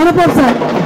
ana Pape Sarr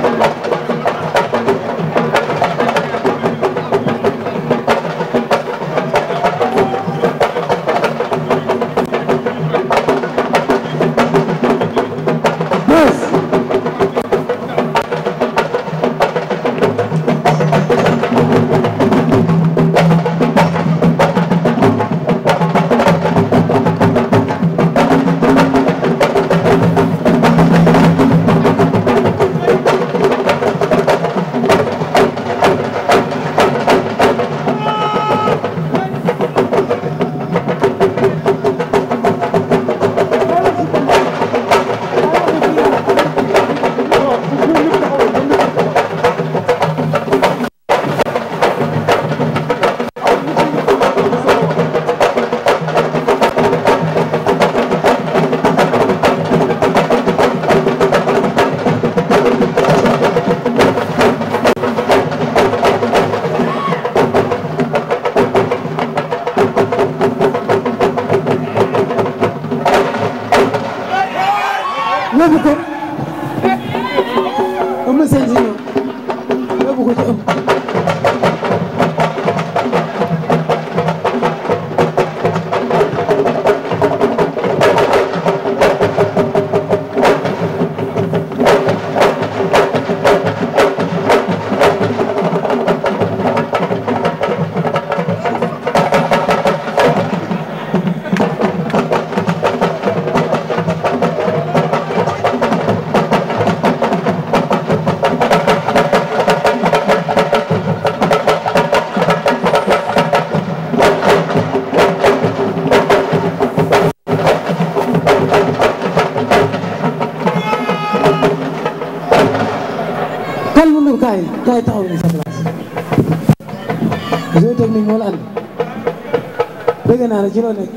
dégg naa ne ci loo nekk.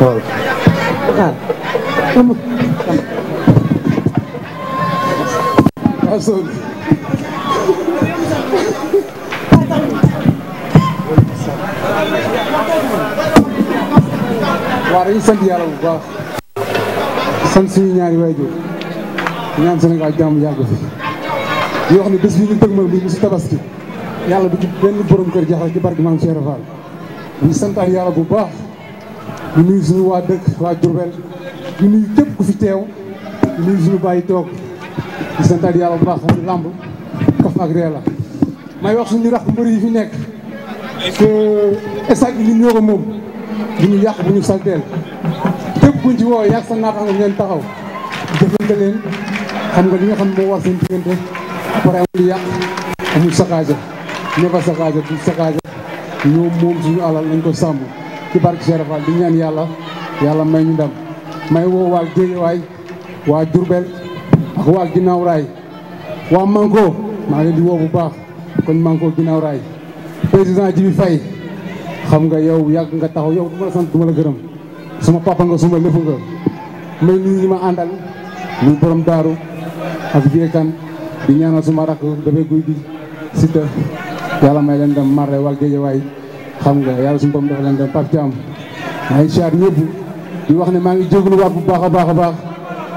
waaw. waaw. waaw dañuy sant yàlla bu baax sant suñu ñaari waajur ñaan Sénégal jàmm yàgg fi yoo xam ne bés bi ñu tëgmal muy bisu tabaski yàlla bu ci benn borom kër jaxal ci barke maam Cheikh Fall ñu santaan yàlla bu baax ñu nuyu suñu waa dëkk waa Diourbel di nuyu képp ku fi teew ñu nuyu suñu bàyyi toog ñu santaan yàlla bu baax xam ne làmb kaf ak la may wax suñu rax mbër yi fi nekk que stade bi ñun ñoo ko moom bu ñu yàq bu ñu salteel képp kuñ ci woo yàq sa naata nga ngeen taxaw jëfante xam nga li nga xam moo war seen diggante pare amul yàq amul saxaaja ñëfa saxaaja du saxaaja ñoom moom suñu alal nañ ko sàmm ci barke Cheikh Fall di ñaan yàlla yàlla may ñu ndam may woo waa Géejawaay waa Diourbel ak waa ginnaaw raay waa Manko maa ngi di woo bu baax kon Manko ginnaaw raay président Djibi fay xam nga yow yàgg nga taxaw yow duma sant duma la suma papa nga suma lépp nga may nuyu ma àndal muy borom daaru ak Vieux Kane di ñaanal suma rakk dafay guy bi Siteu yàlla may leen dem marre a géejawaay xam nga yàlla suñu borom dafa leen dem Pape Thiam maa ngi siyaar di wax ne maa ngi jégalu bu baax a baax a baax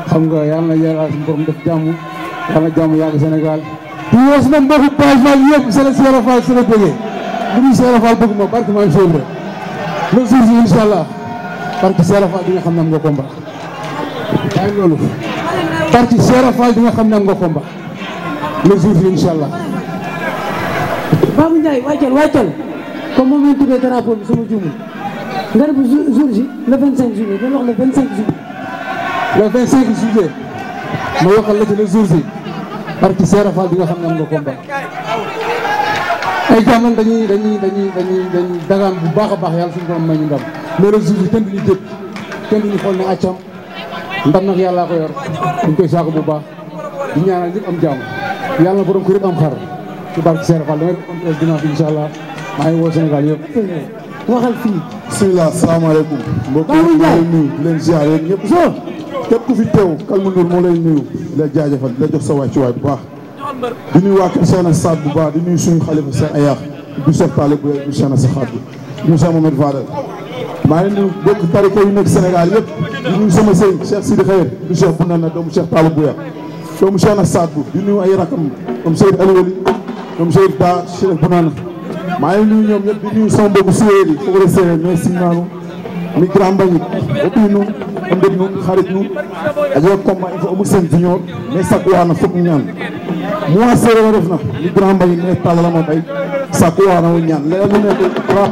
xam nga yàlla na yàlla suñu borom def jàmm yàlla jàmm yàgg Sénégal di woo sama mbokku page a yëpp sala Sëriñ Fall sala bëggee lu muy Sëriñ Fall bëgg ma barke maa ngi sóobu le jour bi incha allah barke Sëriñ Fall di nga xam ne am nga combat waaye loolu barke nga xam ne am nga Babou Ndiaye wàccal wàccal comme moom lañ tuddee drapeau bi sama juumul nga def jour ji le 25 juillet dañ wax le 25 juillet. le 25 juillet ma waxal la le jour ji parti Serap Fall bi nga xam ne am nga combat ay jàmm dañuy dañuy dañuy dañuy dañuy dagaan bu baax a baax yàlla suñu borom may ñu ndam mais le jour ji kenn du ñu jëpp kenn du xool ni accam ndam nag yàllaa ko yor dañ koy saako bu baax di ñaanal ñëpp am jàmm yàlla na borom ko rek am xar. ci barke Serigne Fall damay kontaan dimanche incha allah maa ngi woo Sénégal yëpp. waxal fii. bisimilah salaamaaleykum. mbokk yi maa ngi nuyu di leen ziar yéen ñëpp. képp ku fi teew Calme Ndour moo lay nuyu di la jaajëfal di la jox sa wàccuwaay bu baax. di nuyu waa kër Soxna Saad bu baax di nuyu suñu xalifa seen ayax du Cheikh Talib bu bu Soxna Saad bi Moussa Mohamed Fadel. maa ngi nuyu bokk tariqa yu nekk Sénégal yëpp di nuyu sama sëñ Cheikh Sidi Xayr du Cheikh bu na na doomu Cheikh Talib bu ya doomu Soxna Saad bu di nuyu ay rakam comme Seydou Aliou ñoom Seydou Ba Cheikh Bounane maa ngi nuyu ñoom ñëpp di nuyu sama mbokku séeréer yi foog rek séeréer mais siñu mi grand mbañik oppi nu andit nu xarit nu ajo combat il faut amul seen junior mais sakkuwaana foog ñaan moi séeréer a ref na mi grand mbañik ne talala ma bay sakkuwaana wo ñaan leela lu nekk rap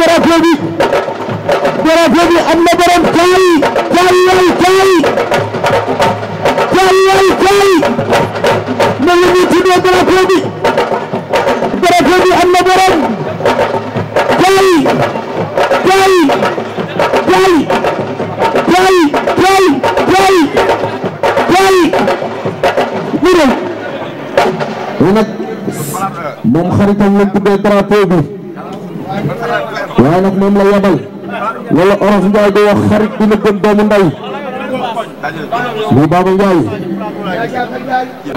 drapeau bi drapeau bi am na borom kaay kaay waay kaay kaay waay kaay ma ngi ñu tuddee drapeau bi drapeau bi am na borom kaay kaay kaay kaay kaay kaay kaay ñu ne moom xaritam la tuddee drapeau bi waaye nag moom a yebal wala orof Njaay di wax xarit bi la gën doomu nday muy Baba Njaay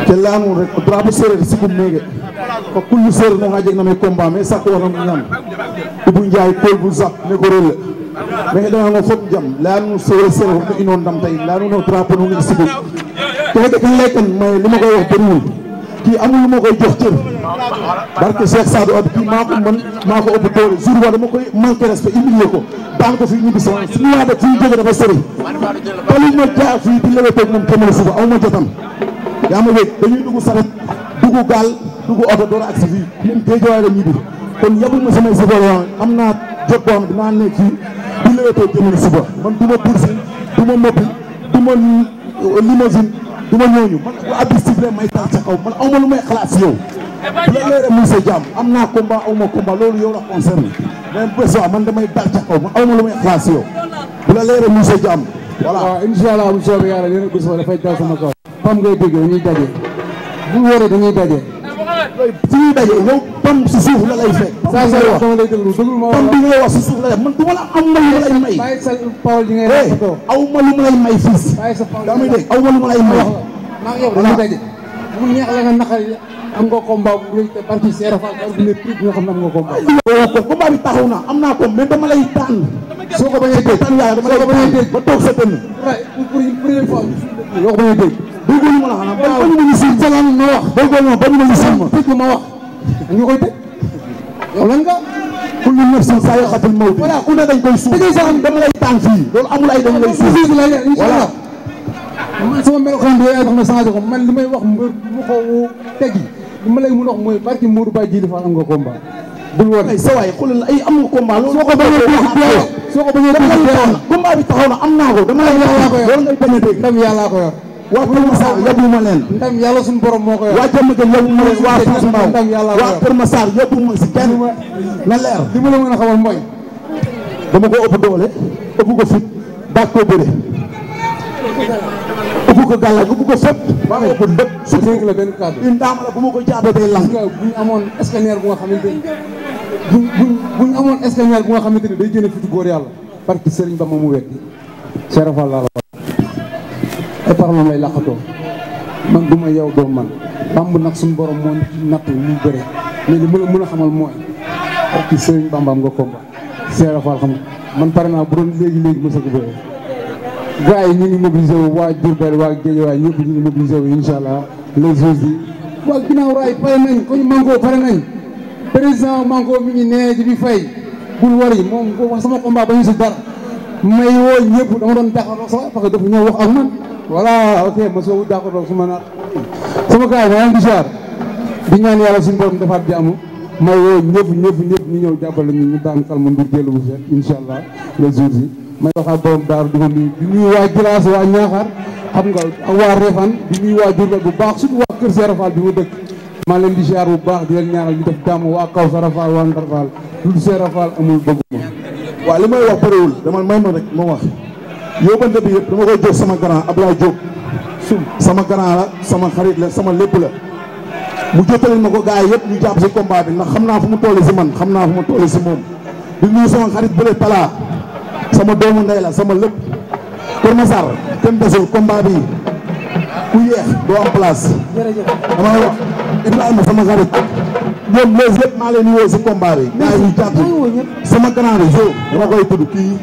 te laanu rek drapeau séeréer sikum meege ko kullu séeréer no nga jeg na me combat mais sakku war na ñam Ibu Njaay tool bu zap ne ko rel mais da nga fop jam laanu séeréer séeréer ko inoon ndam tay laanu no drapeau no ngi sikum te de kan lay kan may li ma koy wax kii amul lu ma koy jox cër barke Cheikh Sadou Abdou kii maa ko mën maa ko ëpp doole jour wala ma koy manqué respect humilier ko daan ko fi ñibbi sama suñu waa def fii jóge dafa sori ba li ma jaar fii di lewee toog moom kémal suba aw ma jotam yaa dañuy dugg saret dugg gaal dugg oto door ak si fii ñun géejawaay la ñibbi kon yabul ma samay sifalwa am naa jot boo xam dinaa ne kii di lewee toog kémal suba man du ma bursi moppi du ma du ma ñooñu man bu abbi sifflé may taal sa ma lu may xalaat si la leer muy sa jàmm am naa combat aw ma combat loolu yow la concerne mais besoin man damay dal ca kaw man aw ma lu may xalaat si bu la leer muy sa jàmm voilà waaw incha allah bu soobee yàlla yéen a bis dafay dal su ñuy daje yow pam si suuf la lay fekk. saa sa wax dama lay déglu déglu ma pam bi nga wax si suuf la lay man du ma la am ma lay may. bàyyi sa parole di ngay rafetoo eh, ma lay may fils. bàyyi sa parole ma lay may. maa na am naa ko mais dama lay tànn. soo ko bañ a dégg tànn yaa sa dënn. a déggoo lu ma la xanaa ban ban ma si jalaan ma wax déggoo ma ban ma si ma dégg ma wax nga koy teg yow lan nga kullu nafsin saa'iqatul mawt voilà ku ne dañ koy suuf dëgg sax dama lay tànn fii loolu amul ay dañ lay suuf voilà man sama melokaan bi ay tax na changé ko man li may wax mu ko tegi li ma lay mun wax mooy barki Modou Baye Djily Fall am nga combat bul woon ay sawaay xoolal ay am nga combat loolu soo ko bañee dégg soo ko bañee dégg combat bi taxaw na am naa ko dama lay wax loolu ngay bañ a dégg ndam yàllaa ko yor waa Kër Masar yóbbu ma leen. ndam yàlla suñu borom moo koy wax. waa jëmm gën yóbbu ma leen waa Fass Mbaw waa ma na leer. li ma la mën a xamoon mooy. dama ko ëpp doole ëpp ko fit daag ko bëre. ëpp ko gàllank ko fépp. waaw ëpp lépp su dégg la benn kàddu. une dame bu ma ko jaabee day bu ñu amoon scanner bu nga xamante ni bu bu bu ñu amoon scanner bu nga xamante ni day génne fitu góor yàlla. parce que Serigne Ba moomu la ay parolam lay làqatoo man du ma yow doo man bamb nag suñu borom moo natt mu bëre mais li ma la mën a xamal mooy ak sëriñ bambaam nga komba seera faal xam man pare naa bu doon ma sëgg bëre gars yi ñu ñu ngi wu incha allah les jours yi waa ginnaaw raay pare nañ koñ manko pare nañ président manko ngi nee di fay bul war yi moom sama combat ba ñu si dara may woo ñëpp dama doon jaaxal sax parce que dafa ñëw wax ak man voilà ok monsieur Wouda Kodo su ma naat sama gars yi maa ngi ziar di ñaan yàlla suñu borom defaat jàmm may woo ñëpp ñëpp ñëpp ñu ñëw jàppale ñu ñu daan Kalma Ndour jël bu set incha allah les di ko di nuyu waa Gilaas waa Ñaaxar xam nga ak bu baax surtout waa Kër Sera Fall bi mu dëkk maa leen di ziar bu baax di leen ñaanal ñu def jàmm waa kaw Sera Fall waa Ndar Fall lu Sera Fall amul bëgg ma waaw may wax parewul dama may ma rek ma wax yóbbante bi yëpp dama koy jox sama grand Abdoulaye Diop sama grand la sama xarit la sama lépp la mu jottali ma ko gars yi yëpp ñu jàpp si ndax xam naa fu mu xam naa fu mu toll si moom di nuyu sama xarit bële sama doomu ndey sama lépp Kër Massar sama xarit ñoom les yëpp dama koy tudd kii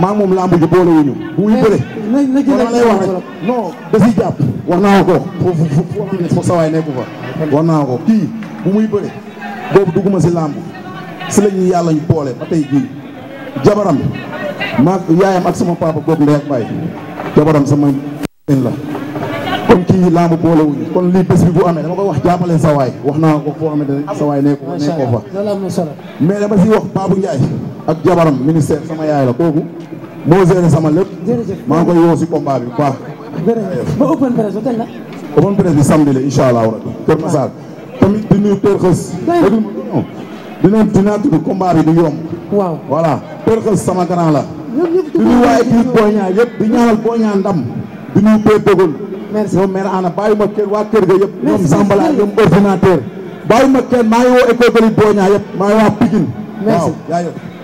maa moom làmb ji boole wuñu bu muy bëre. na na lay wax rek ko foofu foofu foofu sa waay nekku naa ko bu muy bëre. boobu dugguma si làmb si la ñuy yàlla ñu boole ba tey jii jabaram maa yaayam ak sama papa boobu ndey ak baay jabaram sama in la kon kii làmb boole wuñu kon lii bés bi bu amee dama koy wax jàppale sa wax naa ko foo xamante ne sa waay nekku fa. macha allah mais dama si wax Babou Ndiaye. ak jabaram ministère sama yaay la kooku moo géré sama lépp. maa koy woo si combat bi bu baax. jërëjëf ba open press ba kañ la. open press bi samedi la incha allah rabi Kër Massar tamit sama grand la. di waaye biir Boña yëpp di ñaanal Boña ndam di nuyu Père Dégol. merci ñoom ma kenn waa kër ga yëpp. ñoom Zambala ñoom ordinateur. bàyyi ma kenn maa woo école de Boña yëpp maa waa Pikine. waaw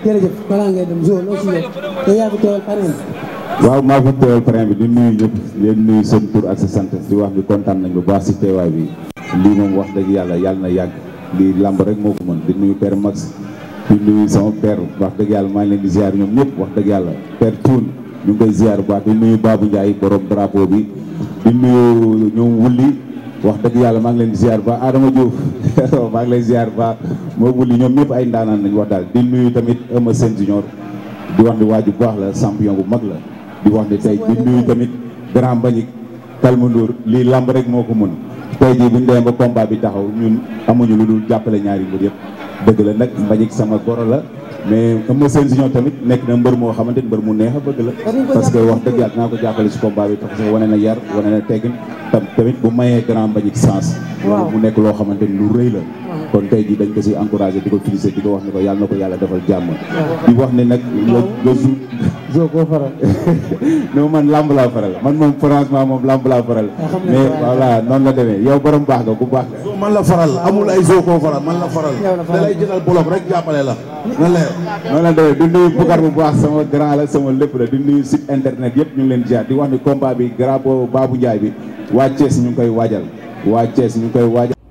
jërëjëf balaa ngay dem Zoro bi. waaw maa fi teewal parrain bi di nuyu ñëpp leen nuyu seen tur ak sa sant si wax ni kontaan nañ bu baax si teewaay bi lii moom wax dëgg yàlla yàlla na yàgg lii làmb rek moo ko mën di nuyu per Max di nuyu sama père wax dëgg yàlla maa ngi leen di ziar ñoom ñëpp wax dëgg yàlla père Thune ñu ngi koy ziar bu baax di nuyu Babou Ndiaye borom drapeau bi di nuyu ñoom wulli wax dëgg yàlla maa ngi leen di ziar ba Adama Diouf waaw maa ngi lay ziar ba moom li ñoom ñëpp ay ndaanaan lañ wax daal di nuyu tamit Eumeu Sène junior di wax ni waa ju baax la champion bu mag la di wax ni tey di nuyu tamit grand bañik kalmandoor lii làmb rek moo ko mën tey jii bu ñu demee ba combat bi taxaw ñun amuñu lu dul jàppale ñaari mbir yëpp dëgg la nag mbañik sama goro la mais Eumeu Sène Junior tamit nekk na mbër moo xamante ni mbër mu neex a bëgg la parce que wax dëgg naa ko jàppale si combat bi parce que wane na yar wane na teggin tamit bu mayee grand mbañik sens mu nekk loo xamante lu rëy la kon tey dañ ko si encouragé di ko félicité di ko wax ni ko yàlla na ko yàlla defal jàmm di wax ne nag le jour soo koo faral. non man làmb laa faral ah, noonu la demee yow borom baax nga ku baax. soo man la faral amul ay soo koo faral man la faral. da lay jëlal bolok rek jàppale la. na leer noonu la demee di nuyu Boucar bu baax sama grand la sama lépp la di nuyu site internet yëpp ñu leen jaar di wax ni combat bi grand boobu Babou Ndiaye bi waa Thiès ñu koy waajal waa Thiès ñu koy waajal.